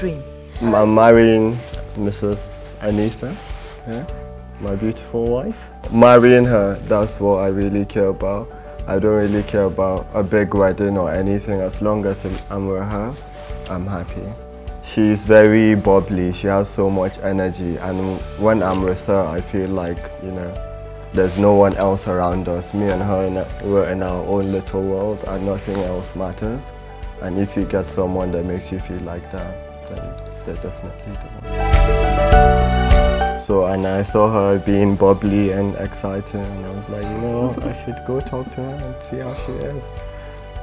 dream? I'm marrying Mrs. Anissa, yeah? my beautiful wife. Marrying her, that's what I really care about. I don't really care about a big wedding or anything. As long as I'm with her, I'm happy. She's very bubbly. She has so much energy. And when I'm with her, I feel like, you know, there's no one else around us. Me and her, in a, we're in our own little world and nothing else matters. And if you get someone that makes you feel like that, then definitely the one. So and I saw her being bubbly and excited and I was like, you know, I should go talk to her and see how she is.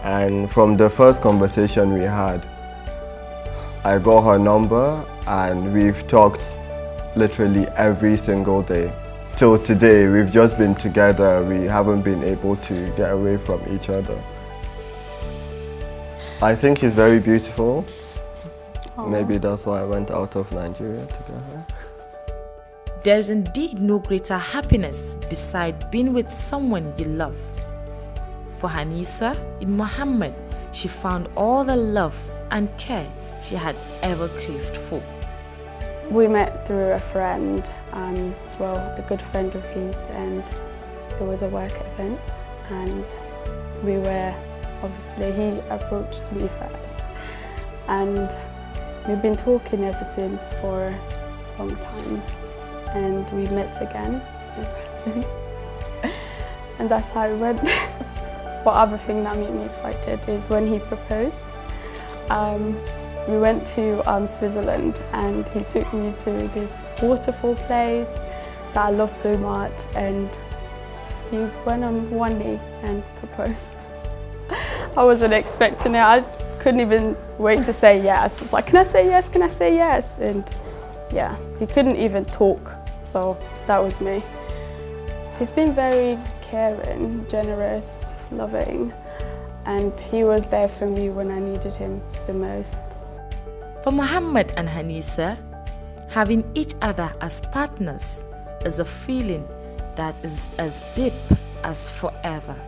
And from the first conversation we had, I got her number and we've talked literally every single day. Till today, we've just been together. We haven't been able to get away from each other. I think she's very beautiful. Maybe that's why I went out of Nigeria to get her. There's indeed no greater happiness beside being with someone you love. For Hanisa, in Muhammad, she found all the love and care she had ever craved for. We met through a friend, um, well, a good friend of his, and there was a work event, and we were obviously, he approached me first, and We've been talking ever since for a long time and we met again in person. and that's how it went. what other thing that made me excited is when he proposed. Um, we went to um, Switzerland and he took me to this waterfall place that I love so much and he went on one knee and proposed. I wasn't expecting it. I couldn't even wait to say yes. It was like, can I say yes? Can I say yes? And yeah, he couldn't even talk. So that was me. He's been very caring, generous, loving, and he was there for me when I needed him the most. For Muhammad and Hanisa, having each other as partners is a feeling that is as deep as forever.